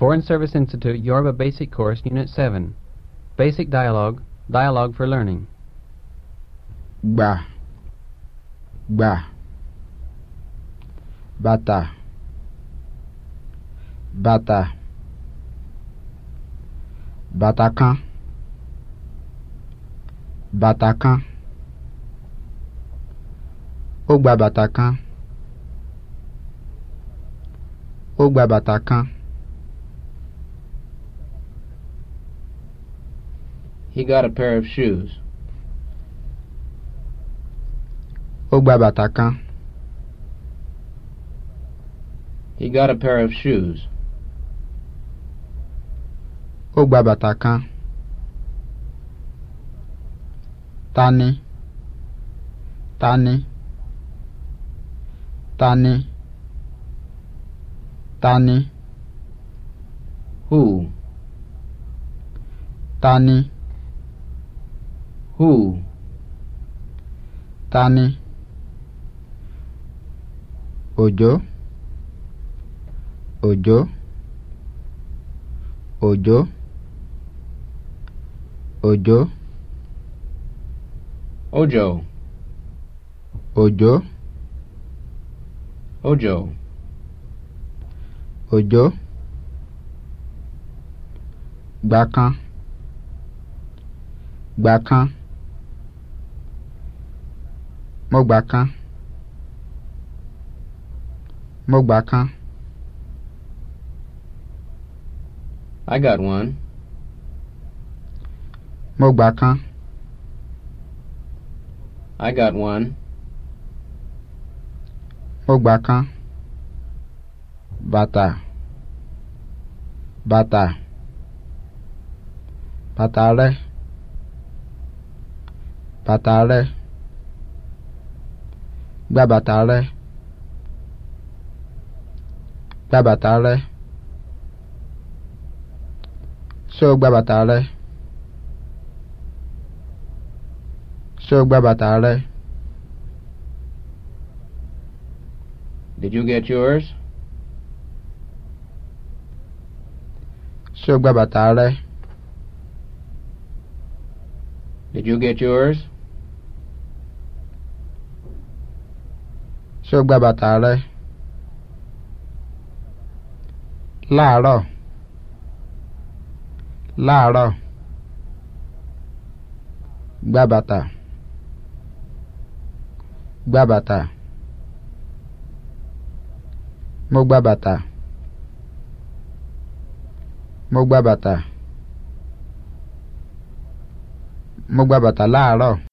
Foreign Service Institute Yoruba Basic Course, Unit 7. Basic Dialogue, Dialogue for Learning. Gba. Gba. Bata. Bata. Batakan. Batakan. Bata kan. He got a pair of shoes. Ó gba He got a pair of shoes. Ó gba Tani. Tani. Tani. Tani. Who? Tani. Who? Tani? ojo, ojo, ojo, ojo, ojo, ojo, ojo, Òjò. Gbàkan. Gbàkan. mo gbà kan mo gbà kan. I got one. mo gbà kan. I got one. mo gbà kan. bàtà bàtà bàtà rẹ bàtà rẹ. Babatale, Babatale, rẹ Babatale, so Babatale. Did you get yours? so Babatale. Did you get yours? ṣé o gba bàtà rẹ láàárọ̀ láàárọ̀ gba bàtà gba bàtà mo gba bàtà mo gba bàtà mo gba bàtà láàárọ̀.